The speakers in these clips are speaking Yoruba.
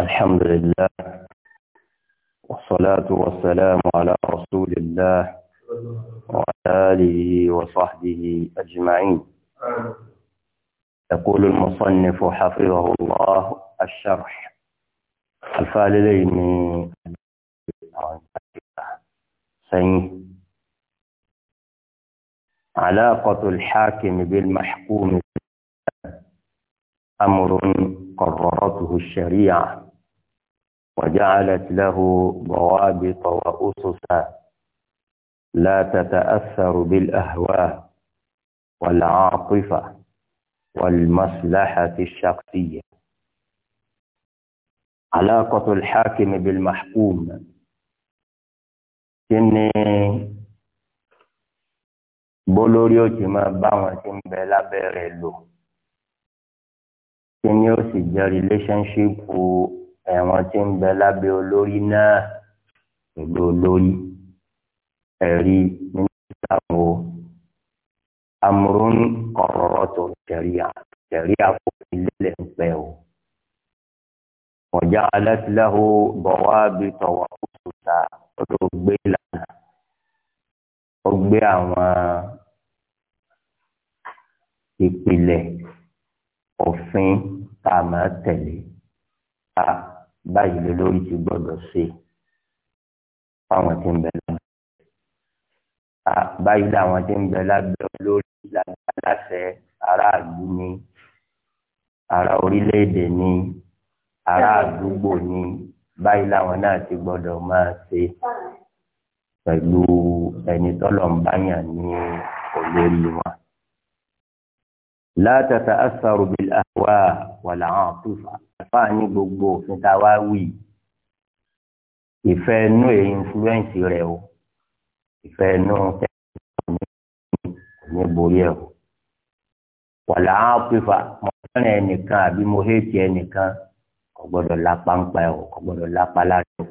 الحمد لله والصلاة والسلام على رسول الله وعلى آله وصحبه أجمعين يقول المصنف حفظه الله الشرح الفالدين سين علاقة الحاكم بالمحكوم أمر قررته الشريعة وجعلت له ضوابط وأسسا لا تتأثر بالأهواء والعاطفة والمصلحة الشخصية علاقة الحاكم بالمحكوم kíni bólórí ó máa bá wọn tí ń bẹ lábẹ́ rẹ̀ lò kíni ó sì jẹ́ relationship ẹ̀wọ̀n tí ń bẹ lábẹ́ olórí náà pẹ̀lú olórí ẹ̀rí nínú ìsìlámù o amúrún ọ̀rọ̀ tó ṣẹ̀ríà ṣẹ̀ríà kò fi ń pẹ́ o. ọ̀já alátìláhó bọ̀wá bí tọ̀wọ̀ òkúta ọ̀dọ̀ gbé lànà ó gbé àwọn ìpìlẹ̀ òfin tá a máa tẹ̀lé báyìí ló lórí ti gbọ́dọ̀ ṣe fáwọn tí ń bẹ lọ́wọ́ báyìí làwọn tí ń bẹ lábẹ́ olórí láṣẹ aráàlú ní ará orílẹ̀ ní ará àdúgbò ní báyìí làwọn náà ti gbọ́dọ̀ máa ṣe pẹ̀lú ẹni tọ́lọ̀ ń báyàn ní olórí wọn. la tata'assaru bil ahwa wal 'atifa àfáà ní gbogbo òfin tá a wá wí ìfẹ́ inú èyí influence rẹ̀ o ìfẹ́ inú ní borí ẹ̀ o wàlà á pèfà mọ fẹ́ràn ẹnìkan àbí mo hétí ẹnìkan kò gbọ́dọ̀ lápá ń pa ẹ̀ o kò gbọ́dọ̀ lápá lára ẹ̀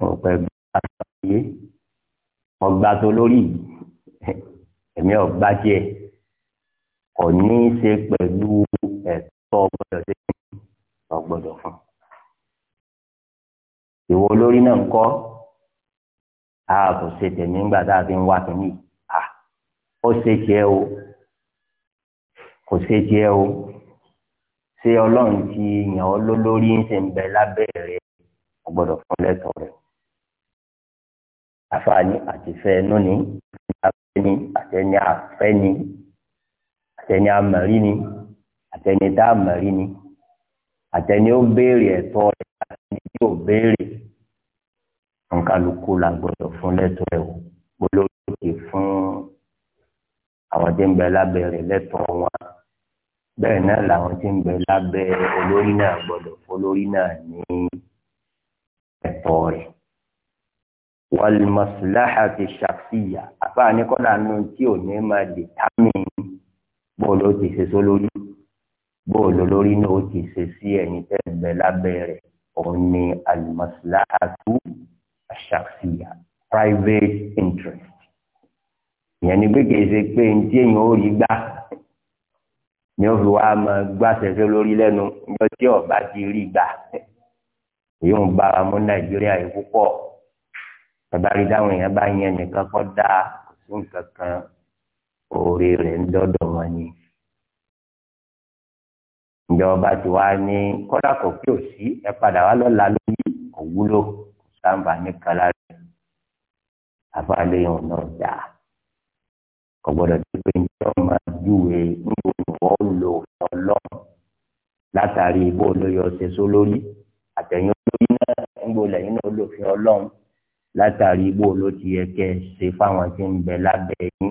o mo pẹ́ bí wọ́n bá yé ọgbà tó lórí ẹ̀mí ọgbà jẹ́ kò ní í ṣe pẹ̀lú tọ́ gbọ́dọ̀ dé tọ́ gbọ́dọ̀ fún. ìwọ olórí náà ń kọ́ a kò ṣe tèmi ńgbà tá a fi ń wá kínní a ó ṣe jẹ́ o kò ṣe jẹ́ o ṣé ọlọ́run ti yàn ọ́ lólórí ń ṣe ń bẹ lábẹ́ rẹ̀ o fún lẹ́tọ̀ọ́ rẹ̀ àfààní àtìfẹ́ ẹnu ni àfẹ́ni àtẹni àfẹ́ni àtẹni àmọ̀rí ni àtẹni tá a mọ̀ rí ni àtẹni ó béèrè ẹ̀tọ́ rẹ̀ àtẹni tí ò béèrè nǹkanlùkù la gbọdọ̀ fún lẹ́tọ̀ ẹ̀ o gbólóòkè fún àwọn tí ń bẹ lábẹ́ lẹ́tọ̀ wọn bẹ́ẹ̀ náà làwọn tí ń bẹ lábẹ́ olórí náà gbọdọ̀ fún olórí náà ní ẹ̀tọ́ rẹ̀ wàlùmọ̀sùláhà ti ṣàfihàn àbá ní kọ́dà nù tí ò ní máa dìtámì bọ́ọ̀lù ó ti ṣe sólórí bóòlù lórí náà ó ti ṣe sí ẹ̀yin tẹ́ bẹ lábẹ́ rẹ̀ òun ni alimasilahatu aṣàṣìyà private interest ìyẹn ni pé kìí ṣe pé ní tí èèyàn ó rí gbà ni ó fi wá máa gbàṣẹṣẹ lórí lẹ́nu ìjọ tí ọba ti rí gbà èyí ń bára mú nàìjíríà yìí púpọ̀ tàbárí dáhùn èèyàn bá yẹn nìkan kọ́ dáa kò sí oore rẹ̀ ń dọ́dọ̀ wọn ni ìjọba ti wá ní kọ́dà kò kí ò sí ẹ padà wá lọ́la lórí òwúlò sáǹbà ní kalari àfàlẹ́ yẹn náà dà kò gbọ́dọ̀ tó pé ní ọmọ júwe níbo ni wọ́n lò ọlọ́run látàrí bó olóyè ọ̀sẹ̀ sólórí àtẹ̀yìn olórí náà níbo lẹ́yìn náà olófin ọlọ́run látàrí bó ló ti ṣe fáwọn tí ń bẹ lábẹ́ yín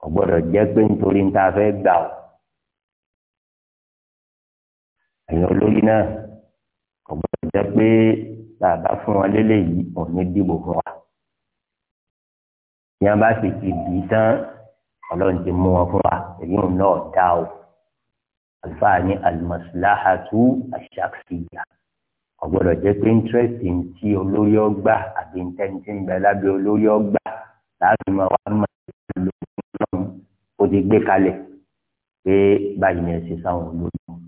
kò gbọ́dọ̀ jẹ́ pé nítorí níta fẹ́ gbà ọ́ ẹ̀yin olóyìn náà ọ̀gbọ́n jẹ́ pé bàbá fún wọn lélẹ́yìí òní dìbò fún wa ní a bá sì ti bì í tán ọlọ́run ti mú wọn fún wa èyí ò náà dá o àlùfáà ní alimasilahatu aṣàkṣìyà ọ̀gbọ́dọ̀ jẹ́ pé interest ń tí olórí ọgbà àbí ntẹ́ntẹ́ ń bẹ lábẹ́ olórí ọgbà láàbí máa wá máa ń lò ó ti gbé kalẹ̀ pé báyìí ni ẹ ṣe sáwọn olórí